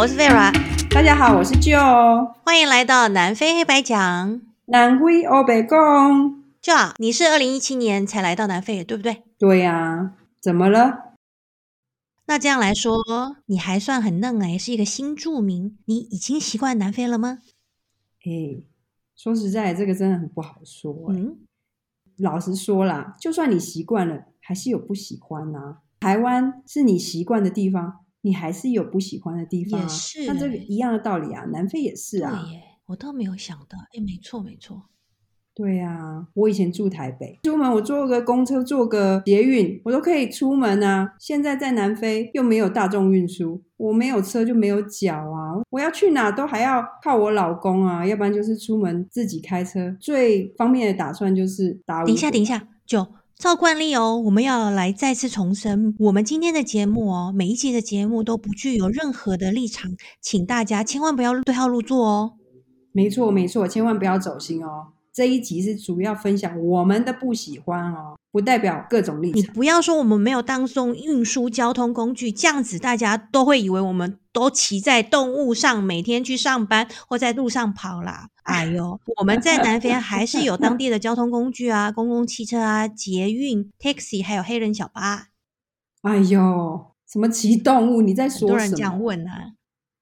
我是 Vera，大家好，我是 Joe，歡迎來到南非黑白講。南非歐北共，Joe，你是二零一七年才來到南非，對不對？對呀、啊，怎麼了？那這樣來說，你還算很嫩哎、欸，是一個新住民，你已經習慣南非了嗎？嘿，說實在，這個真的很不好說、欸。嗯，老實說啦，就算你習慣了，還是有不喜歡吶、啊。台灣是你習慣的地方。你還是有不喜歡的地方、啊，也是、欸。那這個一樣的道理啊，南非也是啊。對耶，我倒沒有想到，哎、欸，沒錯沒錯，對呀、啊，我以前住台北，出門我坐個公車，坐個捷運，我都可以出門啊。現在在南非又沒有大眾運輸，我沒有車就沒有腳啊，我要去哪都還要靠我老公啊，要不然就是出門自己開車。最方便的打算就是打我。等一下，等一下，就。照慣例哦，我們要來再次重申，我們今天的節目哦，每一集的節目都不具有任何的立場，請大家千萬不要對號入座哦。沒錯，沒錯，千萬不要走心哦。這一集是主要分享我們的不喜歡哦，不代表各種立場。你不要說我們沒有大眾運輸交通工具，這樣子大家都會以為我們都騎在動物上，每天去上班或在路上跑啦。哎呦， 我們在南非還還是有當地的交通工具啊， 公共汽車啊、捷運、taxi，還有黑人小巴。哎呦，什麼騎動物？你在說什麼？很多人這樣問啊。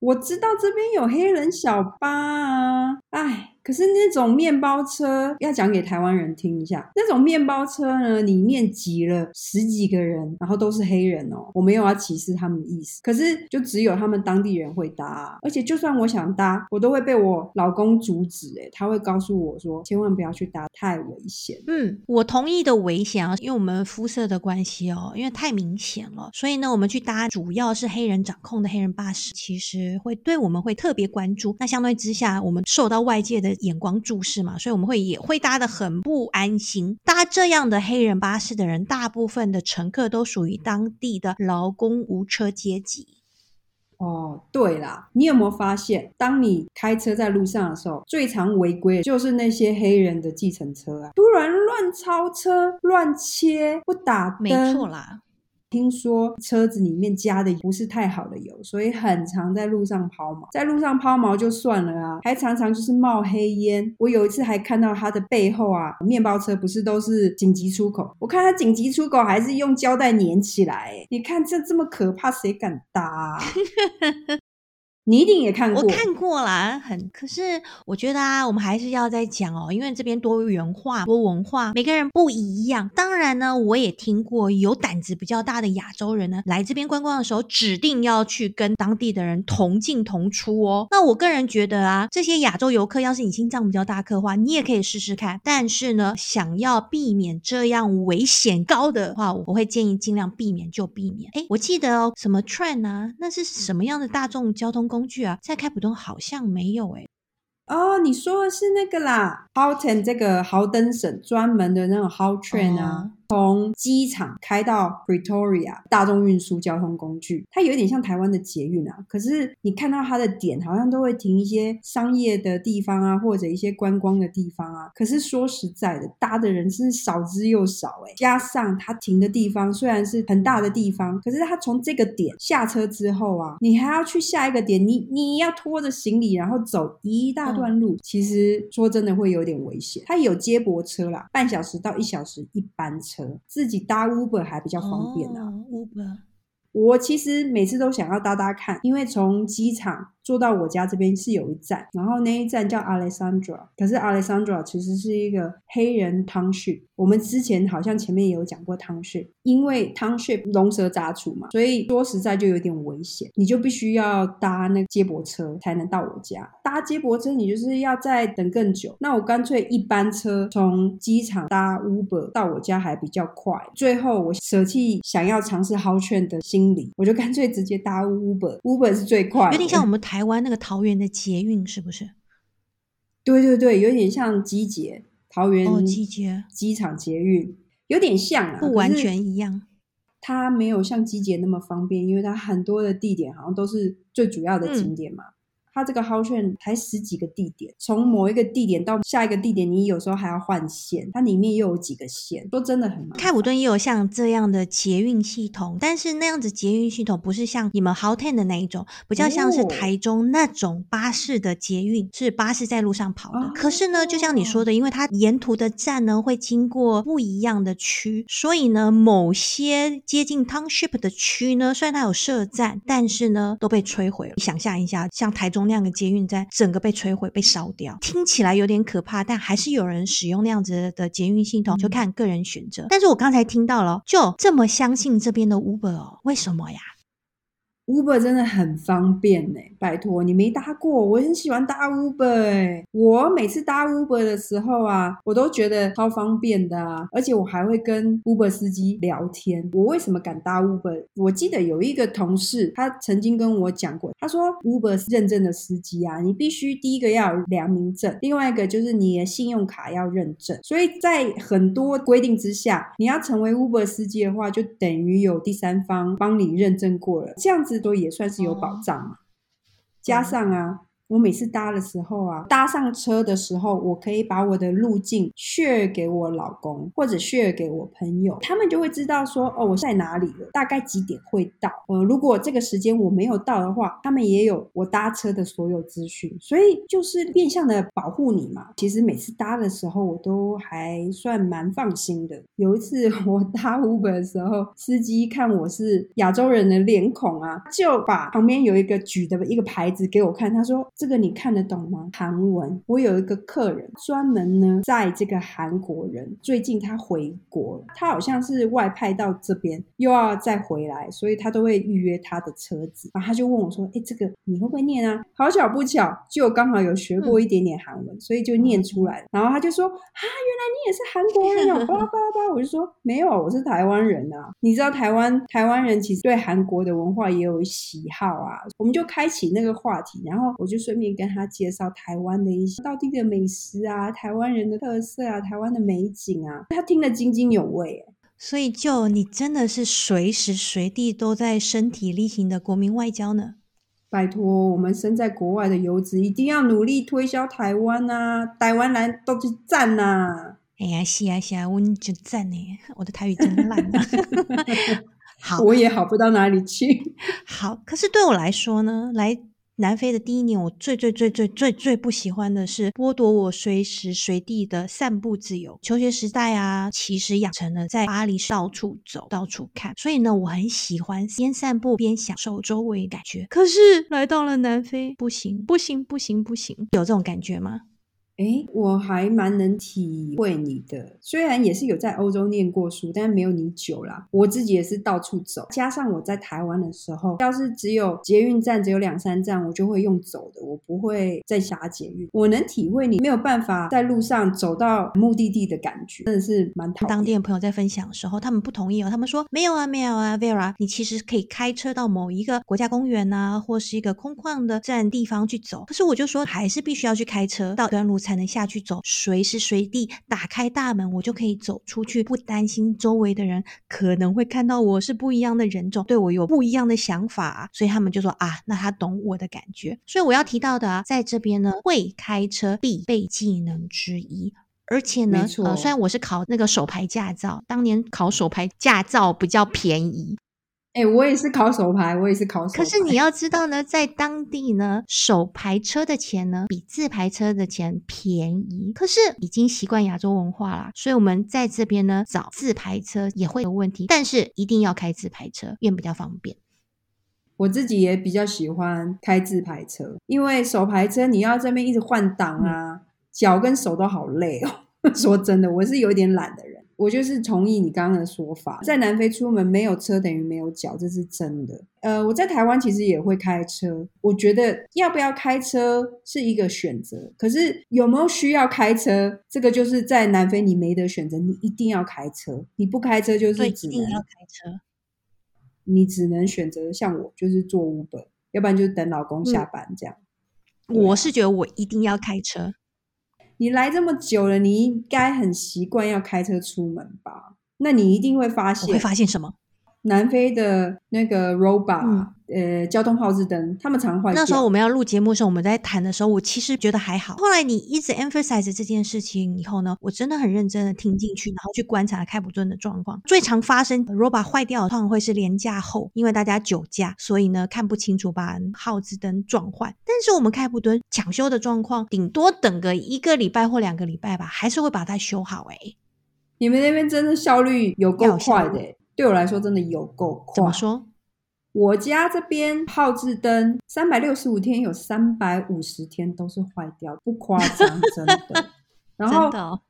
我知道這邊有黑人小巴啊。哎，可是那種麵包車要講給台灣人聽一下，那種麵包車呢，裡面擠了十幾個人，然後都是黑人哦。我沒有要歧視他們的意思，可是就只有他們當地人會搭啊，而且就算我想搭，我都會被我老公阻止欸。哎，他會告訴我說，千萬不要去搭，太危險。嗯，我同意的危險啊，因為我們膚色的關係哦，因為太明顯了，所以呢，我們去搭主要是黑人掌控的黑人巴士，其實會對我們會特別關注。那相對之下，我們受到外界的眼光注視嘛，所以我們會也會搭得很不安心。搭這樣的黑人巴士的人，大部分的乘客都屬於當地的勞工無車階級。哦，對了，你有沒有發現，當你開車在路上的時候，最常違規就是那些黑人的計程車啊，突然亂超車、亂切、不打燈，沒錯啦。聽說車子裡面加的油不是太好的油，所以很常在路上拋錨。在路上拋錨就算了啊，還常常就是冒黑煙。我有一次還看到它的背後啊，麵包車不是都是緊急出口？我看它緊急出口還是用膠帶粘起來，欸。你看這這麼可怕，誰敢搭啊？ 你一定也看過，我看過了，很。可是我覺得啊，我們還是要再講哦，因為這邊多元化、多文化，每個人不一樣。當然呢，我也聽過有膽子比較大的亞洲人呢，來這邊觀光的時候，指定要去跟當地的人同進同出哦。那我個人覺得啊，這些亞洲遊客要是你心臟比較大顆的話，你也可以試試看。但是呢，想要避免這樣危險高的話，我會建議盡量避免就避免。哎，我記得哦，什麼 train 啊，那是什麼樣的大眾交通工具？工具啊，在開普敦好像沒有哎、欸，哦、oh，你說的是那個啦，Gauteng 這個豪登省專門的那種 Gautrain 啊。Oh. 從機場開到 Pretoria，大眾運輸交通工具，它有點像台灣的捷運啊。可是你看到它的點，好像都會停一些商業的地方啊，或者一些觀光的地方啊。可是說實在的，搭的人是少之又少誒，欸，加上它停的地方雖然是很大的地方，可是它從這個點下車之後啊，你還要去下一個點，你你要拖着行李然後走一大段路，嗯，其實說真的會有點危險。它有接駁車啦，半小時到一小時一班車。自己搭 Uber 還比較方便呢、啊。Oh, Uber，我其實每次都想要搭搭看，因為從機場，坐到我家這邊是有一站，然後那一站叫 Alexandra，可是 Alexandra 其實是一個黑人 township。我們之前好像前面也有講過 township，因為 township 龍蛇雜處嘛，所以說實在就有點危險，你就必須要搭那個接駁車才能到我家。搭接駁車你就是要再等更久，那我乾脆一班車從機場搭 Uber 到我家還比較快。最後我捨棄想要嘗試 Gautrain 的心理，我就乾脆直接搭 Uber，Uber Uber 是最快的。有點像我們台。嗯台灣那個桃園的捷運是不是？對對對，有點像機捷，桃園機捷機場捷運，有點像啊，不完全一樣。它沒有像機捷那麼方便，因為它很多的地點好像都是最主要的景點嘛。嗯它這個 Gautrain 才十幾個地點，從某一個地點到下一個地點，你有時候還要換線。它裡面又有幾個線，都真的很麻煩。開普敦也有像這樣的捷運系統，但是那樣子捷運系統不是像你們 Gautrain 的那一種，比較像是台中那種巴士的捷運，哦，是巴士在路上跑的，哦。可是呢，就像你說的，因為它沿途的站呢會經過不一樣的區，所以呢，某些接近 Township 的區呢，雖然它有設站，但是呢都被摧毀了。你想象一下，像台中。那樣的捷運站整個被摧毀、被燒掉，聽起來有點可怕，但還是有人使用那樣子的捷運系統，就看個人選擇。但是我剛才聽到了，就這麼相信這邊的 Uber 哦，為什麼呀？Uber 真的很方便呢、欸，拜託你沒搭過，我很喜歡搭 Uber、欸。我每次搭 Uber 的時候啊，我都覺得超方便的啊，而且我還會跟 Uber 司機聊天。我為什麼敢搭 Uber？我記得有一個同事，他曾經跟我講過，他說 Uber 是認證的司機啊，你必須第一個要有良民證，另外一個就是你的信用卡要認證。所以在很多規定之下，你要成為 Uber 司機的話，就等於有第三方幫你認證過了，這樣子。都也算是有保障嘛，嗯、加上啊。我每次搭的時候啊，搭上車的時候，我可以把我的路徑 share 給我老公或者 share 給我朋友，他們就會知道說，哦，我在哪裡了，大概幾點會到。呃，如果這個時間我沒有到的話，他們也有我搭車的所有資訊，所以就是變相的保護你嘛。其實每次搭的時候，我都還算蠻放心的。有一次我搭 u 本的時候，司機看我是亞洲人的臉孔啊，就把旁邊有一個舉的一個牌子給我看，他說。這個你看得懂嗎？韓文。我有一個客人，專門呢，在這個韓國人。最近他回國了，他好像是外派到這邊，又要再回來，所以他都會預約他的車子。然後他就問我說：“哎、欸，這個你會不會念啊？”好巧不巧，就剛好有學過一點點韓文，嗯、所以就念出來。然後他就說：“啊，原來你也是韓國人哦。”巴拉巴拉巴拉，我就說：“沒有，我是台灣人啊。”你知道台灣台灣人其實對韓國的文化也有喜好啊。我們就開啟那個話題，然後我就說。順便跟他介紹台灣的一些當地的美食啊，台灣人的特色啊，台灣的美景啊，他聽得津津有味。所以，就你真的是隨時隨地都在身體力行的國民外交呢？拜托，我們身在國外的游子一定要努力推銷台灣啊！台灣人都是讚吶！哎呀，是啊，是啊，我就讚呢。我的台語真爛啊， 好，我也好不到哪裡去。好，好，可是對我來說呢，來。南非的第一年，我最,最最最最最最不喜歡的是剝奪我隨時隨地的散步自由。求學時代啊，其實養成了在巴黎到處走、到處看，所以呢，我很喜歡邊散步邊享受周圍感覺。可是來到了南非不，不行，不行，不行，不行，有這種感覺嗎？哎，我還蠻能體會你的。雖然也是有在歐洲念過書，但是沒有你久啦。我自己也是到處走，加上我在台灣的時候，要是只有捷運站只有兩三站，我就會用走的，我不會再下捷運。我能體會你沒有辦法在路上走到目的地的感覺，真的是蠻痛。當地的朋友在分享的時候，他們不同意哦，他們說沒有啊，沒有啊，Vera，你其實可以開車到某一個國家公園吶、啊，或是一個空曠的自然地方去走。可是我就說，還是必須要去開車到一段路。才能下去走，隨時隨地打開大門，我就可以走出去，不擔心周圍的人可能會看到我是不一樣的人種，對我有不一樣的想法啊，所以他們就說啊，那他懂我的感覺。所以我要提到的啊，在這邊呢，會開車必備技能之一，而且呢，呃，雖然我是考那個手排駕照，當年考手排駕照比較便宜。哎、欸，我也是考手排，我也是考手排。可是你要知道呢，在當地呢，手排車的錢呢比自排車的錢便宜。可是已經習慣亞洲文化啦，所以我們在這邊呢找自排車也會有問題。但是一定要開自排車，因為比較方便。我自己也比較喜歡開自排車，因為手排車你要這邊一直換擋啊，腳、嗯、跟手都好累哦。說真的，我是有點懶的人。我就是同意你剛剛的說法，在南非出門沒有車等於沒有腳，這是真的。呃，我在台灣其實也會開車，我覺得要不要開車是一個選擇。可是有沒有需要開車，這個就是在南非你沒得選擇，你一定要開車，你不開車就是只能一定要開車。你只能選擇像我，就是坐 Uber，要不然就等老公下班這樣。嗯，我是覺得我一定要開車。你來這麼久了，你應該很習慣要開車出門吧？那你一定會發現，會發現什麼？南非的那個 robot、嗯、呃交通號誌燈，他們常壞。那時候我們要錄節目時候，我們在談的時候，我其實覺得還好。後來你一直 emphasize 這件事情以後呢，我真的很認真的聽進去，然後去觀察了開普敦的狀況。最常發生 robot 壞掉的，通常會是連假後，因為大家酒駕，所以呢看不清楚，把號誌燈撞壞。但是我們開普敦搶修的狀況，頂多等個一個禮拜或兩個禮拜吧，還是會把它修好、欸。哎，你們那邊真的效率有夠快的、欸。對我來說，真的有夠誇張。怎麼說？我家這邊號誌燈三百六十五天，有三百五十天都是壞掉，不誇張，真的。 然後真的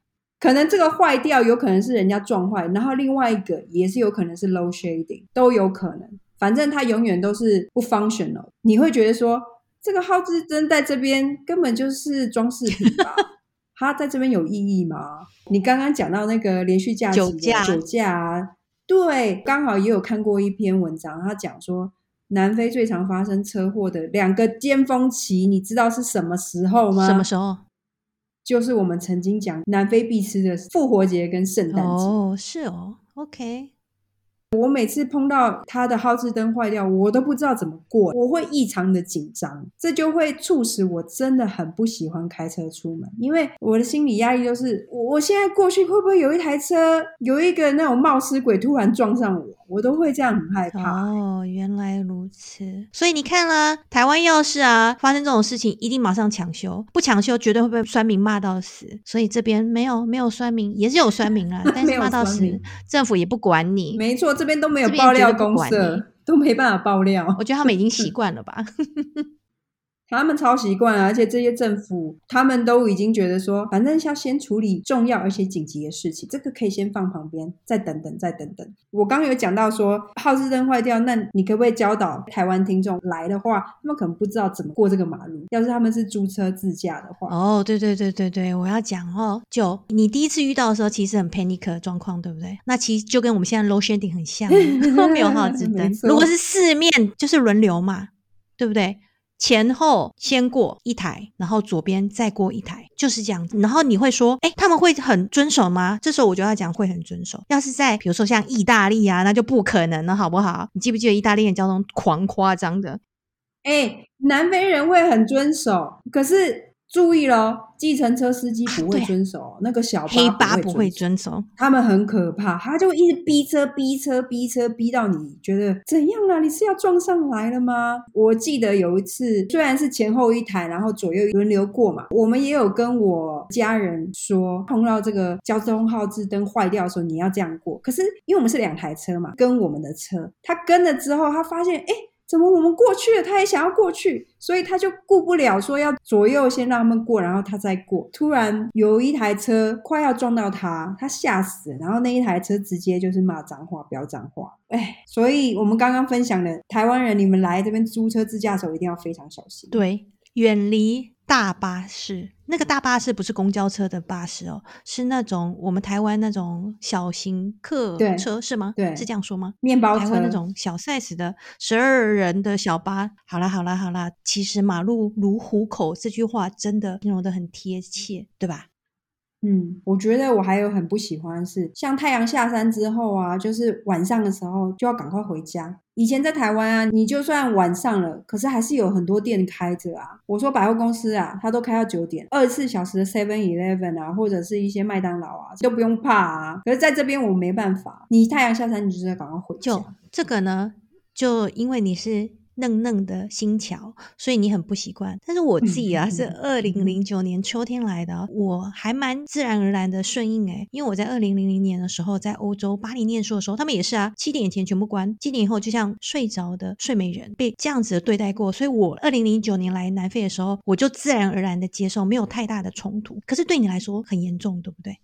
可能這個壞掉，有可能是人家撞壞，然後另外一個也是有可能是 load shedding，都有可能。反正它永遠都是不 functional，你會覺得說，這個號誌燈在這邊根本就是裝飾品吧？ 它在這邊有意義嗎？你剛剛講到那個連續駕酒駕酒駕。酒駕啊。對，剛好也有看過一篇文章，他講說南非最常發生車禍的兩個巔峰期，你知道是什麼時候嗎？什麼時候？就是我們曾經講南非必吃的復活節跟聖誕節。哦，是哦，OK。我每次碰到他的號誌燈壞掉，我都不知道怎麼過，我會異常的緊張，這就會促使我真的很不喜歡開車出門，因為我的心理壓力就是，我我現在過去會不會有一台車，有一個那種冒失鬼突然撞上我？我都會這樣，很害怕、欸。哦，原來如此。所以你看啦，台灣要是啊，發生這種事情，一定馬上搶修，不搶修絕對會被酸民罵到死。所以這邊沒有沒有酸民，也是有酸民啦。但是罵到死呵呵，政府也不管你。沒錯，這邊都沒有爆料公社，都沒辦法爆料。我覺得他們已經習慣了吧。 他們超習慣，而且這些政府他們都已經覺得說，反正要先處理重要而且緊急的事情，這個可以先放旁邊，再等等，再等等。我剛有講到說，號誌燈壞掉，那你可不可以教導台灣聽眾來的話，他們可能不知道怎麼過這個馬路。要是他們是租車自駕的話，哦，對對對對對，我要講哦，就你第一次遇到的時候，其實很 panic 的狀況，對不對？那其實就跟我們現在 load shedding 很像、啊，面 有號誌燈，如果是四面就是輪流嘛，對不對？前後先過一台，然後左邊再過一台，就是這樣子。然後你會說，哎、欸，他們會很遵守嗎？這時候我就要講會很遵守。要是在比如說像意大利啊，那就不可能了，好不好？你記不記得意大利的交通狂誇張的？誒、欸，南非人會很遵守，可是，注意嘍，計程車司機不會遵守，啊、那個小巴不會遵守，黑巴不會遵守。他們很可怕，他就一直逼車、逼車、逼車，逼到你覺得怎樣了？你是要撞上來了嗎？我記得有一次，雖然是前後一台，然後左右輪流過嘛，我們也有跟我家人說，碰到這個交通號誌燈壞掉的時候，你要這樣過。可是因為我們是兩台車嘛，跟我們的車，他跟了之後，他發現哎、欸怎麼我們過去了，他也想要過去，所以他就顧不了說要左右先讓他們過，然後他再過。突然有一台車快要撞到他，他嚇死了，然後那一台車直接就是罵髒話，不要髒話，哎，所以我們剛剛分享的台灣人，你們來這邊租車自駕的時候一定要非常小心，對，遠離大巴士。那個大巴士不是公交車的巴士哦？是那種我們台灣那種小型客車是嗎？對，是這樣說嗎？麵包車台灣那種小 size 的十二人的小巴。好啦好啦好啦，其實“馬路如虎口”這句話真的形容的很貼切，對吧？嗯，我覺得我還有很不喜歡的是像太陽下山之後啊，就是晚上的時候就要趕快回家。以前在台灣啊，你就算晚上了，可是還是有很多店開着啊。我說百貨公司啊，它都開到九點，二十四小時的 Seven Eleven 啊，或者是一些麥當勞啊，都不用怕啊。可是在這邊我沒辦法，你太陽下山你就要趕快回家。就這個呢，就因為你是。嫩嫩的新橋，所以你很不習慣。但是我自己啊，嗯、是二零零九年秋天來的，嗯、我還蠻自然而然的順應誒、欸，因為我在二零零零年的時候在歐洲巴黎念書的時候，他們也是啊，七點以前全部關，七點以後就像睡着的睡美人，被這樣子對待過。所以我二零零九年來南非的時候，我就自然而然的接受，沒有太大的衝突。可是對你來說很嚴重，對不對？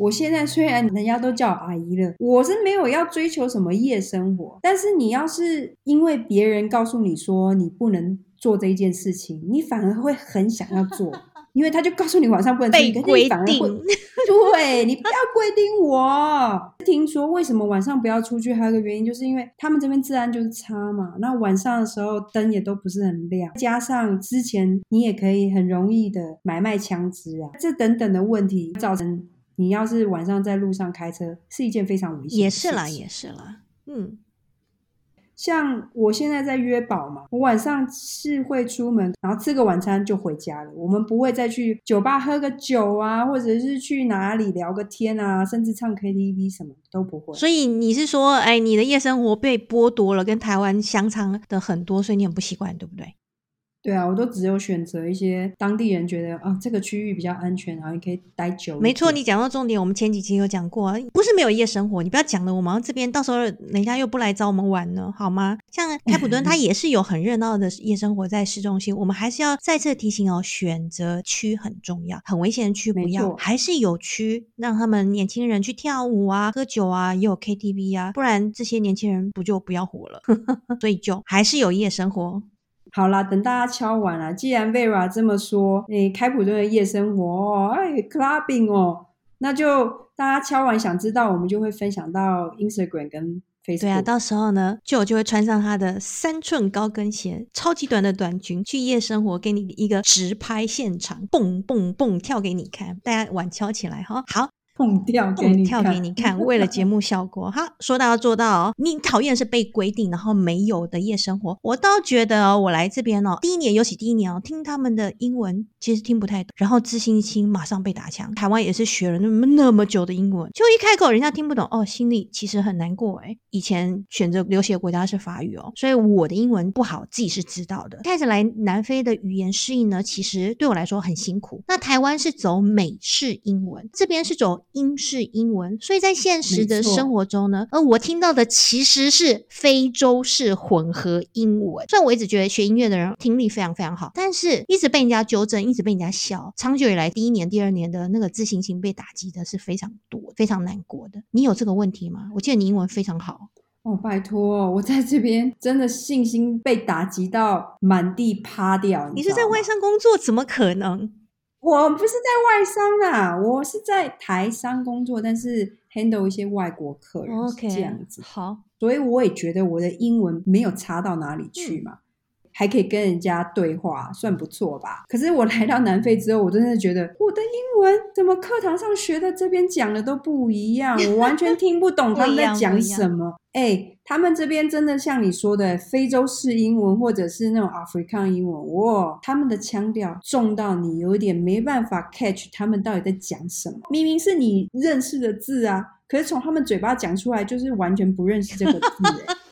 我現在雖然人家都叫阿姨了，我是沒有要追求什麼夜生活。但是你要是因為別人告訴你說你不能做這一件事情，你反而會很想要做， 因為他就告訴你晚上不能出去，被規定，你反而會， 對，你不要規定我。聽說為什麼晚上不要出去，還有一個原因就是因為他們這邊治安就是差嘛，那晚上的時候燈也都不是很亮，加上之前你也可以很容易的買賣槍支啊，這等等的問題造成。你要是晚上在路上開車，是一件非常危險的事情。也是啦，也是啦。嗯，像我現在在約堡嘛，我晚上是會出門，然後吃個晚餐就回家了。我們不會再去酒吧喝個酒啊，或者是去哪裡聊個天啊，甚至唱 KTV 什麼都不會。所以你是說，哎，你的夜生活被剝奪了，跟台灣相差的很多，所以你很不習慣，對不對？對啊，我都只有選擇一些當地人覺得啊，這個區域比較安全，然後你可以待久。沒錯，你講到重點，我們前幾期有講過啊，不是沒有夜生活，你不要講了我，我們這邊到時候人家又不來找我們玩了，好嗎？像開普敦，它也是有很熱鬧的夜生活在市中心。 我們還是要再次提醒哦，選擇區很重要，很危險的區不要。還是有區讓他們年輕人去跳舞啊、喝酒啊，也有 KTV 啊，不然這些年輕人不就不要活了？ 所以就還是有夜生活。好啦，等大家敲完了、啊，既然 Vera 這麼說，誒，開普敦的夜生活，哦、哎，clubbing 哦，那就大家敲完，想知道，我們就會分享到 Instagram 跟 Facebook。對啊，到時候呢，就我就會穿上她的三寸高跟鞋，超級短的短裙去夜生活，給你一個實拍現場，蹦蹦蹦跳給你看。大家晚敲起來哈、哦，好。蹦跳蹦跳給你看， 為了節目效果，哈，說到要做到哦。你討厭是被規定，然後沒有的夜生活。我倒覺得、哦，我來這邊哦，第一年，尤其第一年哦，聽他們的英文其實聽不太懂，然後自信心馬上被打槍。台灣也是學了那麼那麼久的英文，就一開口人家聽不懂哦，心裡其實很難過誒、欸。以前選擇留學的國家是法語哦，所以我的英文不好，自己是知道的。開始來南非的語言適應呢，其實對我來說很辛苦。那台灣是走美式英文，這邊是走英式英文，所以在現實的生活中呢，而我聽到的其實是非洲式混合英文。雖然我一直覺得學音樂的人聽力非常非常好，但是一直被人家糾正，一直被人家笑，長久以來，第一年、第二年的那個自信心被打擊的是非常多，非常難過的。你有這個問題嗎？我記得你英文非常好哦。拜託，我在這邊真的信心被打擊到滿地趴掉。你，你是在外商工作，怎麼可能？我不是在外商啦，我是在台商工作，但是 handle 一些外國客人 okay，這樣子，好，所以我也覺得我的英文沒有差到哪裡去嘛。嗯還可以跟人家對話，算不錯吧？可是我來到南非之後，我真的覺得我的英文怎麼課堂上學的這邊講的都不一樣，我完全聽不懂他們在講什麼。誒、 啊欸，他們這邊真的像你說的，非洲式英文或者是那種 African 英文，哇，他們的腔調重到你有一點沒辦法 catch 他們到底在講什麼。明明是你認識的字啊，可是從他們嘴巴講出來就是完全不認識這個字、欸。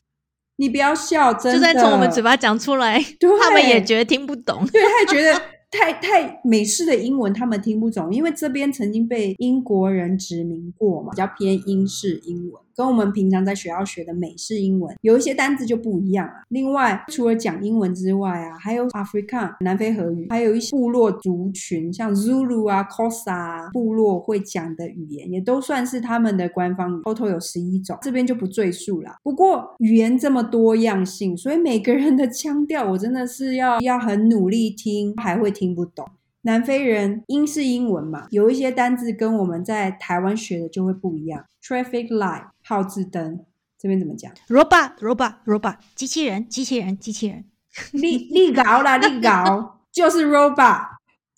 你不要笑，真的。就算從我們嘴巴講出來，他們也覺得聽不懂。對， 他也覺得太，太美式的英文他們聽不懂，因為這邊曾經被英國人殖民過嘛，比較偏英式英文。跟我們平常在學校學的美式英文有一些單字就不一樣。啊、另外，除了講英文之外啊，還有 Afrikaans 南非荷語，還有一些部落族群，像 Zulu 啊、Kosa、啊、部落會講的語言，也都算是他們的官方語，偷偷有十一種，這邊就不贅述了。不過語言這麼多樣性，所以每個人的腔調，我真的是要要很努力聽，還會聽不懂。南非人英式英文嘛，有一些單字跟我們在台灣學的就會不一樣，traffic light。號誌燈這邊怎麼講？Robot, robot, robot，機器人，機器人，機器人，立立稿啦，立稿！ 就是 robot。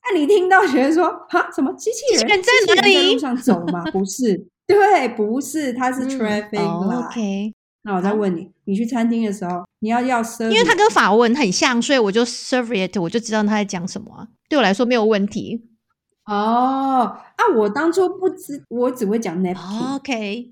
那、啊、你聽到覺得說，哈，什麼機器人？機器人真的？在路上走嗎？ 不是，對，不是，它是 traffic 啦。嗯哦、OK，那我再問你，你去餐廳的時候，你要要 serviette，因為它跟法文很像，所以我就 serviette，我就知道他在講什麼、啊。對我來說沒有問題。哦，啊，我當初不知，我只會講 napkin。哦 okay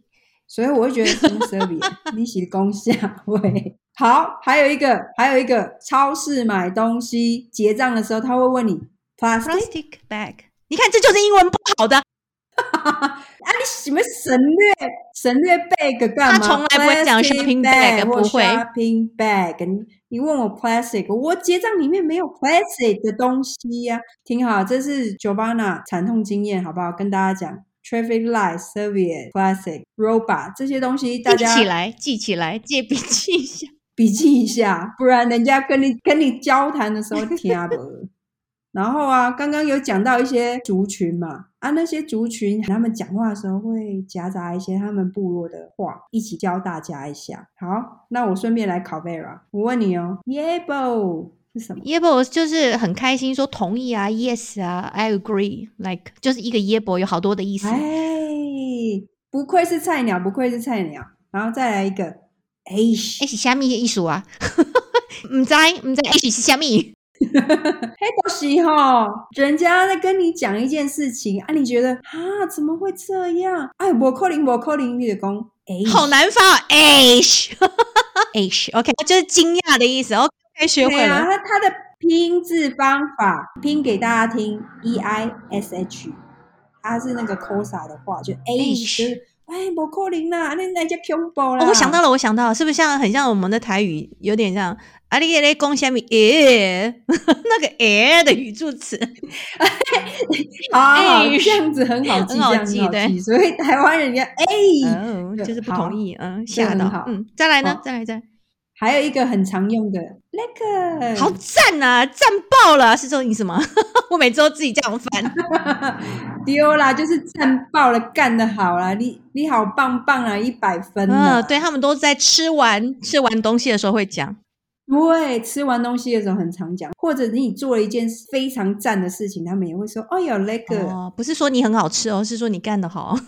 所以我會覺得工資比利息高下位。好，還有一個，還有一個，超市買東西結賬的時候，他會問你 plastic? plastic bag。你看，這就是英文不好的。 啊，你什麼省略省略 bag 幹嘛？他從來不會講 shopping bag, bag 不會 shopping bag 你。你問我 plastic，我結賬裡面沒有 plastic 的東西呀、啊。挺好，這是 Jobana 慘痛經驗，好不好？跟大家講。Traffic lights, Soviet, classic, robot，這些東西大家一起來記起來，借筆記一下，筆記一下，不然人家跟你跟你交談的時候聽不到。 然後啊，剛剛有講到一些族群嘛，啊，那些族群他們講話的時候會夾雜一些他們部落的話，一起教大家一下。好，那我順便來考 Vera，我問你哦，Yabo，Yeah, Bo. Yebo 就是很開心，說同意啊，Yes 啊，I agree，like 就是一個 Yebo 有好多的意思。哎，不愧是菜鳥，不愧是菜鳥。然後再來一個，Eish，Eish、欸、是蝦米的意思啊？唔 知唔知 Eish 是蝦米？Hey bossy、 哦、人家在跟你講一件事情啊，你覺得啊，怎麼會這樣？哎，我 calling 我 calling 你的工，好難發啊，Eish，Eish OK，我就是驚訝的意思哦、okay. 學會了，他、啊、他的拼字方法拼給大家聽，e i s h，它、啊、是那個扣 o 的話，就 h，哎、欸，冇、就、扣、是欸、能啦，那來只恐怖了、哦、我想到了，我想到了，是不是像很像我們的台語，有點像阿裡耶雷公喜阿米耶，啊欸、 那個 e、欸、的語助詞，哎、啊欸，這樣子很好記，很好記，好記對對所以台灣人家哎、欸嗯，就是不同意，好嗯，嚇到好，嗯，再來呢，哦、再來再來。來還有一個很常用的，legger，好讚吶、啊，讚爆了、啊！是說你什麼？ 我每次都自己這樣翻，丟啦，就是讚爆了，幹得好啦、啊，你你好棒棒啊，一百分！嗯，對，他們都在吃完吃完東西的時候會講，對，吃完東西的時候很常講，或者你做了一件非常讚的事情，他們也會說，哎、哦、有 l e g g e r、哦、不是說你很好吃哦，是說你幹得好。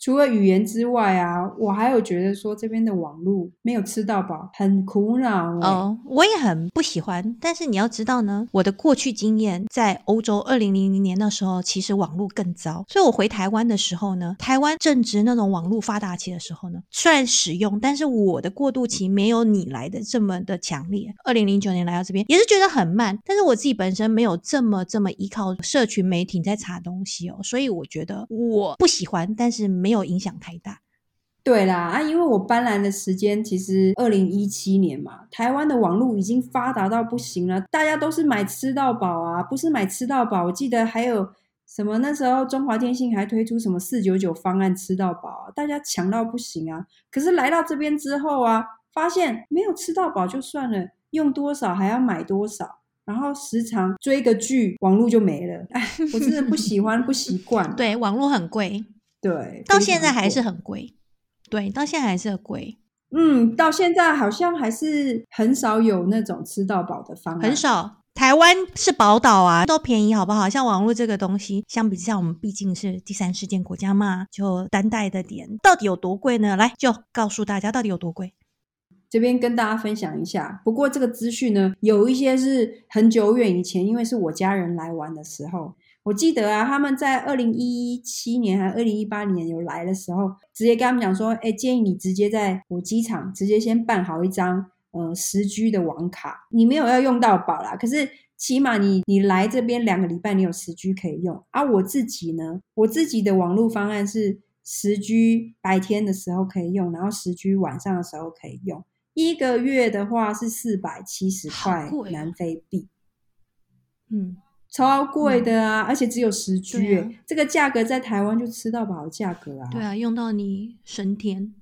除了語言之外啊，我還有覺得說這邊的網絡沒有吃到飽，很苦惱、欸。哦、oh，我也很不喜歡。但是你要知道呢，我的過去經驗在歐洲二零零零年的時候，其實網絡更糟。所以我回台灣的時候呢，台灣正值那種網絡發達期的時候呢，雖然使用，但是我的過渡期沒有你來的這麼的強烈。二零零九年來到這邊也是覺得很慢，但是我自己本身沒有這麼這麼依靠社群媒體在查東西哦，所以我覺得我不喜歡，但是沒。沒有影響太大，對啦啊，因為我搬來的時間其實二零一七年嘛，台灣的網絡已經發達到不行了，大家都是買吃到飽啊，不是買吃到飽。我記得還有什麼那時候中華電信還推出什麼四九九方案吃到飽，啊，大家強到不行啊。可是來到這邊之後啊，發現沒有吃到飽就算了，用多少還要買多少，然後時常追個劇，網絡就沒了。哎，我真的不喜歡， 不習慣，對，網絡很貴。對，到現在還是很貴。對，到現在還是很貴。嗯，到現在好像還是很少有那種吃到飽的方案，很少。台灣是寶島啊，都便宜，好不好？像網絡這個東西，相比之下，我們畢竟是第三世界國家嘛，就單帶的點到底有多貴呢？來，就告訴大家到底有多貴。這邊跟大家分享一下，不過這個資訊呢，有一些是很久遠以前，因為是我家人來玩的時候。我記得啊，他們在二零一七年還二零一八年有來的時候，直接跟他們講說，哎、欸，建議你直接在我機場直接先辦好一張呃十 G 的網卡，你沒有要用到飽啦。可是起碼你你來這邊兩個禮拜，你有十 G 可以用。而、啊、我自己呢，我自己的網絡方案是十 G 白天的時候可以用，然後十 G 晚上的時候可以用。一個月的話是四百七十塊南非幣。嗯。超貴的啊、嗯，而且只有十 G，欸啊、這個價格在台灣就吃到飽的價格啊。對啊，用到你神田。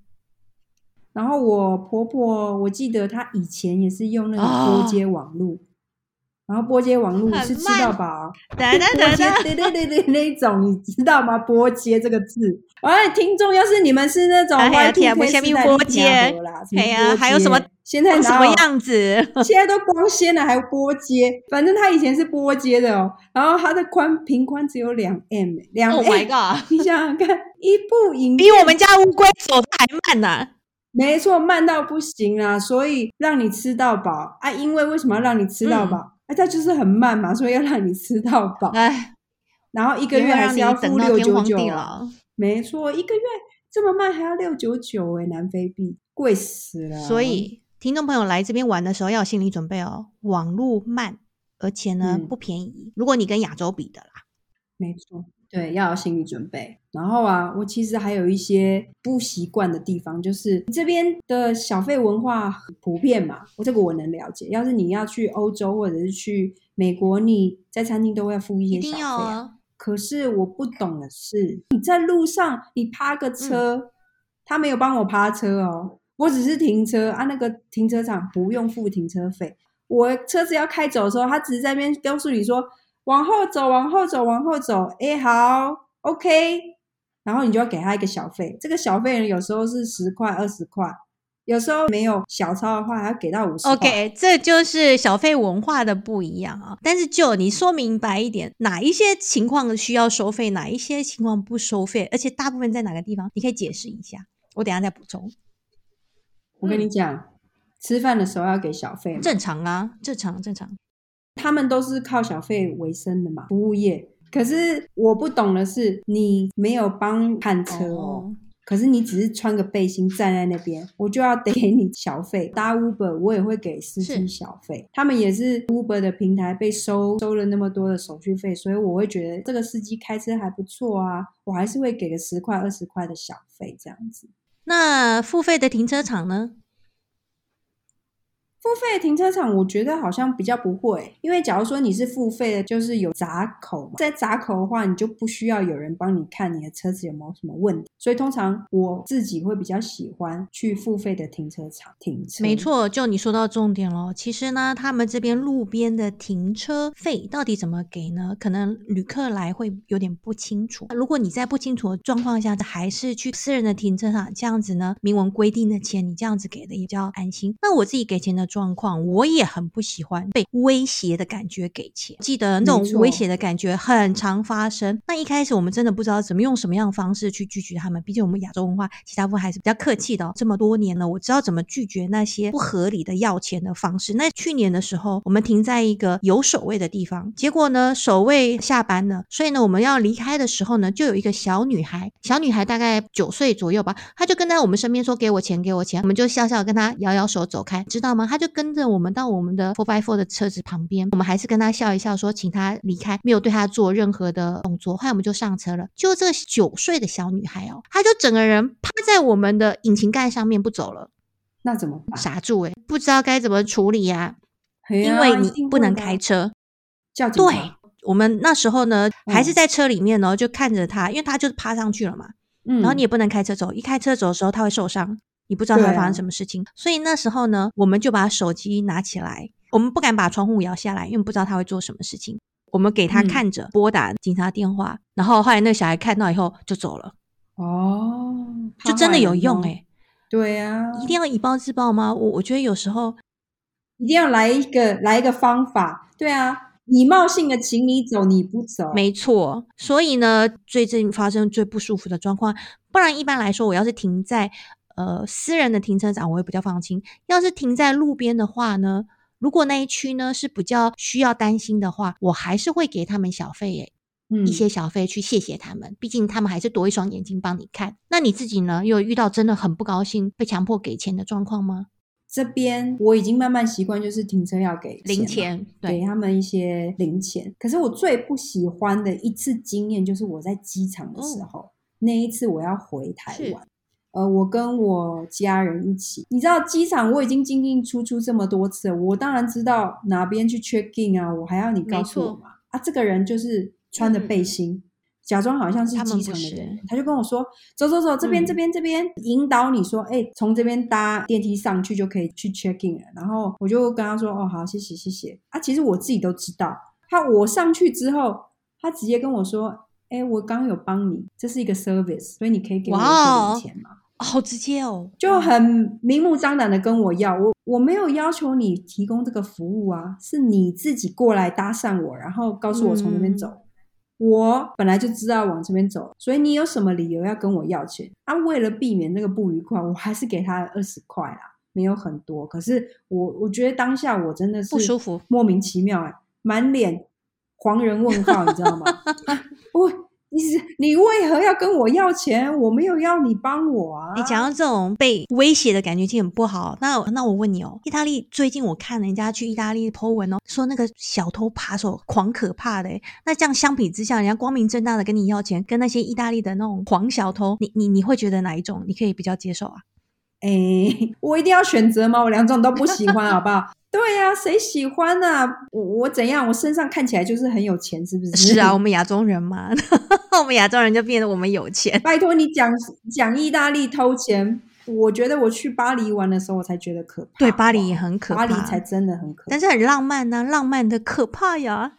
然後我婆婆，我記得她以前也是用那個撥接網絡、哦，然後撥接網絡是吃到飽、啊嗯，對對對對對對，那 種你知道嗎？撥接這個字。哎，聽眾要是你們是那種懷舊，歡迎撥接啦、哎，還有什麼？現在什麼樣子？現在都光鮮了，還撥接。反正他以前是撥接的哦、喔。然後它的寬頻寬只有兩 M，兩 M。你想，想看一部影片，比我們家烏龜走的還慢吶。沒錯，慢到不行啊。所以讓你吃到飽啊！因為為什麼要讓你吃到飽？啊它、啊、就是很慢嘛，所以要讓你吃到飽。然後一個月還是要付六九九。沒錯，一個月這麼慢還要六九九哎，南非幣貴死了。所以。聽眾朋友來這邊玩的時候要有心理準備哦，網路慢，而且呢、嗯、不便宜。如果你跟亞洲比的啦，沒錯，對，要有心理準備。然後啊，我其實還有一些不習慣的地方，就是這邊的小費文化很普遍嘛。我這個我能了解。要是你要去歐洲或者是去美國，你在餐廳都會要付一些小費、啊啊。可是我不懂的是，你在路上你趴個車、嗯，他沒有幫我趴車哦。我只是停車啊，那個停車場不用付停車費。我車子要開走的時候，他只是在那邊告訴你說：“往後走，往後走，往後走。”哎，好，OK。然後你就要給他一個小費。這個小費呢，有時候是十塊、二十塊，有時候沒有小鈔的話，他要給到五十。OK，這就是小費文化的不一樣啊。但是就你說明白一點，哪一些情況需要收費，哪一些情況不收費，而且大部分在哪個地方，你可以解釋一下。我等一下再補充。我跟你講，嗯，吃飯的時候要給小費，正常啊，正常正常。他們都是靠小費為生的嘛，服務業。可是我不懂的是，你沒有幫看車哦，哦，可是你只是穿個背心站在那邊，我就要得給你小費。搭 Uber 我也會給司機小費，他們也是 Uber 的平台被收收了那麼多的手續費，所以我會覺得這個司機開車還不錯啊，我還是會給個十塊二十塊的小費這樣子。那付費的停車場呢？付費停車場，我覺得好像比較不會，因為假如說你是付費的，就是有閘口嘛，在閘口的話，你就不需要有人幫你看你的車子有沒有什麼問題。所以通常我自己會比較喜歡去付費的停車場停車。沒錯，就你說到重點咯。其實呢，他們這邊路邊的停車費到底怎麼給呢？可能旅客來會有點不清楚。如果你在不清楚的狀況下，還是去私人的停車場，這樣子呢，明文規定的錢，你這樣子給的也比較安心。那我自己給錢的狀況我也很不喜歡被威脅的感覺，給錢。記得那種威脅的感覺很常發生。那一開始我們真的不知道怎麼用什麼樣的方式去拒絕他們。畢竟我們亞洲文化，其他部分還是比較客氣的哦。這麼多年了，我知道怎麼拒絕那些不合理的要錢的方式。那去年的時候，我們停在一個有守衛的地方，結果呢，守衛下班了，所以呢，我們要離開的時候呢，就有一個小女孩，小女孩大概九歲左右吧，她就跟在我們身邊說：“給我錢，給我錢。”我們就笑笑跟她搖搖手走開，知道嗎？她就。就跟着我們到我們的 four by four 的車子旁邊，我們還是跟他笑一笑，說請他離開，沒有對他做任何的動作。後來我們就上車了，就這個九歲的小女孩哦，她就整個人趴在我們的引擎蓋上面不走了，那怎麼辦？傻住哎？不知道該怎麼處理、啊哎、呀？因為你不能開車，哎、叫對，我們那時候呢還是在車裡面呢、哦嗯，就看着她，因為她就是趴上去了嘛，然後你也不能開車走，嗯、一開車走的時候，她會受傷。你不知道他會發生什麼事情、啊，所以那時候呢，我們就把手機拿起來，我們不敢把窗戶搖下來，因為不知道他會做什麼事情。我們給他看着，撥、嗯、打警察電話，然後後來那個小孩看到以後就走了。哦，就真的有用哎、欸。對呀、啊，一定要以暴制暴嗎？我我覺得有時候一定要來一個來一個方法。對啊，禮貌性的請你走，你不走。沒錯。所以呢，最近發生最不舒服的狀況，不然一般來說，我要是停在。呃，私人的停車場我也比較放心。要是停在路邊的話呢，如果那一區呢，是比較需要擔心的話，我還是會給他們小費、欸、嗯，一些小費去謝謝他們，畢竟他們還是多一雙眼睛幫你看。那你自己呢，有遇到真的很不高興被強迫給錢的狀況嗎？這邊我已經慢慢習慣，就是停車要給錢嘛，零錢，對，給他們一些零錢。可是我最不喜歡的一次經驗，就是我在機場的時候、嗯，那一次我要回台灣。呃，我跟我家人一起，你知道機場我已經進進出出這麼多次了，我當然知道哪邊去 check in 啊，我還要你告訴我嘛？啊，這個人就是穿着背心，假裝好像是機場的人他，他就跟我說，走走走，這邊、嗯、這邊這邊，引導你說，哎、欸，從這邊搭電梯上去就可以去 check in 了。然後我就跟他說，哦，好，謝謝謝謝。啊，其實我自己都知道，他，我上去之後，他直接跟我說，哎、欸，我剛有幫你，這是一個 service，所以你可以給我一點錢嘛。Wow. 好直接哦，就很明目張膽的跟我要，我我沒有要求你提供這個服務啊，是你自己過來搭訕我，然後告訴我從那邊走，嗯、我本來就知道往這邊走，所以你有什麼理由要跟我要錢啊？為了避免那個不愉快，我還是給他二十塊啦、啊。沒有很多，可是我我覺得當下我真的是、欸、不舒服，莫名其妙誒滿臉黃人問號，你知道嗎？ 啊、我。你你為何要跟我要錢？我沒有要你幫我啊！你講到這種被威脅的感覺，就很不好。那那我問你哦，意大利，最近我看人家去意大利 PO 文哦，說那個小偷扒手狂可怕的誒。那這樣相比之下，人家光明正大的跟你要錢，跟那些意大利的那種黃小偷，你你你會覺得哪一種你可以比較接受啊？哎，我一定要選擇嗎？我兩種都不喜歡，好不好？ 對呀，誰喜歡呢？我我怎樣？我身上看起來就是很有錢，是不是？是啊，我們亞洲人嘛， 我們亞洲人就變得我們有錢。拜托你講講意大利偷錢，我覺得我去巴黎玩的時候，我才覺得可怕。對，巴黎也很可怕，巴黎才真的很可怕，但是很浪漫呢，浪漫的可怕呀！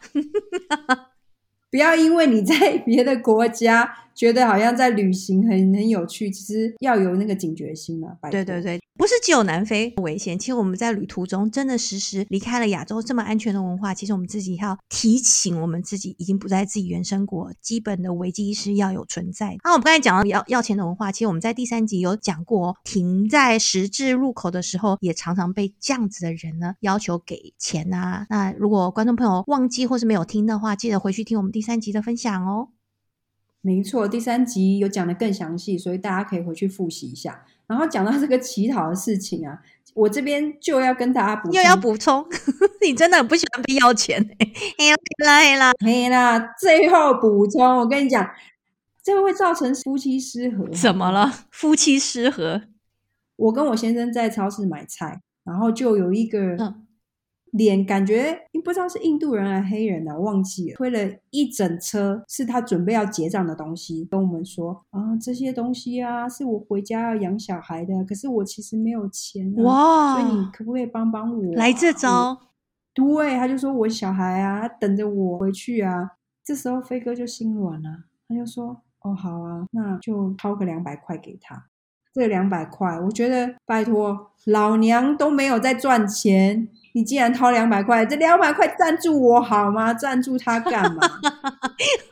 不要因為你在別的國家，覺得好像在旅行很很有趣，其實要有那個警覺心呢、啊。對對對，不是只有南非危險，其實我們在旅途中真的時時離開了亞洲這麼安全的文化，其實我們自己要提醒我們自己已經不在自己原生國，基本的危機意識要有存在。那、啊、我們剛才講到要要錢的文化，其實我們在第三集有講過，停在十字路口的時候也常常被這樣子的人呢要求給錢啊。那如果觀眾朋友忘記或是沒有聽的話，記得回去聽我們第三集的分享哦。沒錯，第三集有講得更詳細，所以大家可以回去複習一下。然後講到這個乞討的事情啊，我這邊就要跟大家補，又要補充， 你真的很不喜歡被要錢。黑 嘿啦嘿啦嘿啦，最後補充，我跟你講，這個會造成夫妻失和。 怎麼了？夫妻失和。我跟我先生在超市買菜，然後就有一個。臉感覺不知道是印度人還是黑人啊，忘記了，推了一整車是他準備要結賬的東西，跟我們說啊，這些東西啊是我回家要養小孩的，可是我其實沒有錢啊，哇！所以你可不可以幫幫我啊？來這招，對，他就說我小孩啊，他等着我回去啊，這時候飛哥就心軟了啊，他就說哦好啊，那就掏個兩百塊給他。這兩百塊，我覺得拜托老娘都沒有在賺錢，你竟然掏兩百塊，這兩百塊贊助我好嗎？贊助他幹嘛？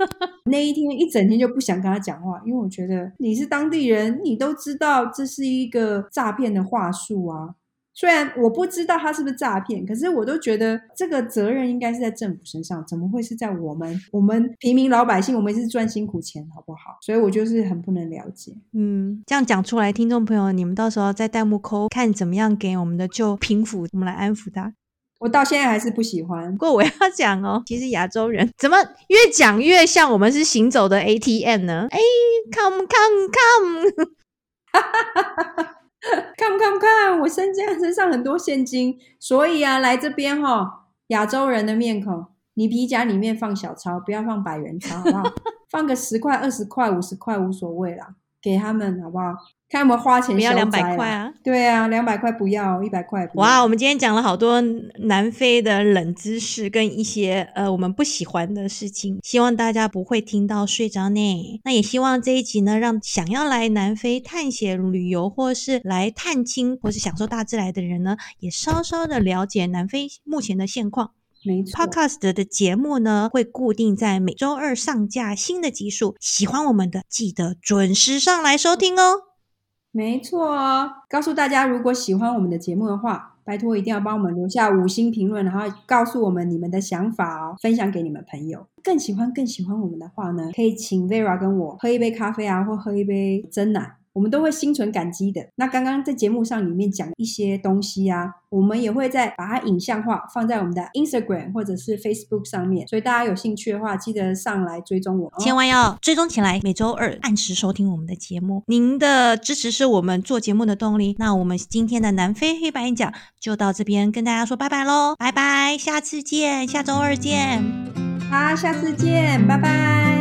那一天一整天就不想跟他講話，因為我覺得你是當地人，你都知道這是一個詐騙的話術啊。雖然我不知道他是不是詐騙，可是我都覺得這個責任應該是在政府身上，怎麼會是在我們我們平民老百姓？我們是賺辛苦錢，好不好？所以我就是很不能了解。嗯，這樣講出來，聽眾朋友，你們到時候在彈幕扣看怎麼樣給我們的就平撫，我們來安撫他。我到現在還是不喜歡，不過我要講哦，其實亞洲人怎麼越講越像我們是行走的 ATM 呢？哎，Come Come Come！ 看不看不看，我身家，身上很多現金，所以啊，來這邊哈，亞洲人的面孔，你皮夾裡面放小鈔，不要放百元鈔，好不好？ 放個十塊、二十塊、五十塊，無所謂啦。給他們好不好？看我們花錢消災。我們要兩百塊啊！對啊，兩百塊不要，一百塊不要。哇，我們今天講了好多南非的冷知識跟一些呃我們不喜歡的事情，希望大家不會聽到睡着呢。那也希望這一集呢，讓想要來南非探險旅遊或是來探親或是享受大自然的人呢，也稍稍的了解南非目前的現況。沒錯，Podcast 的節目呢，會固定在每週二上架新的集數。喜歡我們的記得準時上來收聽哦。沒錯哦，告訴大家，如果喜歡我們的節目的話，拜托一定要幫我們留下五星評論，然後告訴我們你們的想法哦，分享給你們朋友。更喜歡更喜歡我們的話呢，可以請 Vera 跟我喝一杯咖啡啊，或喝一杯珍奶。我們都會心存感激的。那剛剛在節目上裡面講一些東西啊，我們也會再把它影像化，放在我們的 Instagram 或者是 Facebook 上面。所以大家有興趣的話，記得上來追蹤我，哦，千萬要追蹤起來。每周二按時收聽我們的節目。您的支持是我們做節目的動力。那我們今天的南非黑白演講就到這邊跟大家說拜拜嘍，拜拜，下次見，下周二見，好，啊，下次見，拜拜。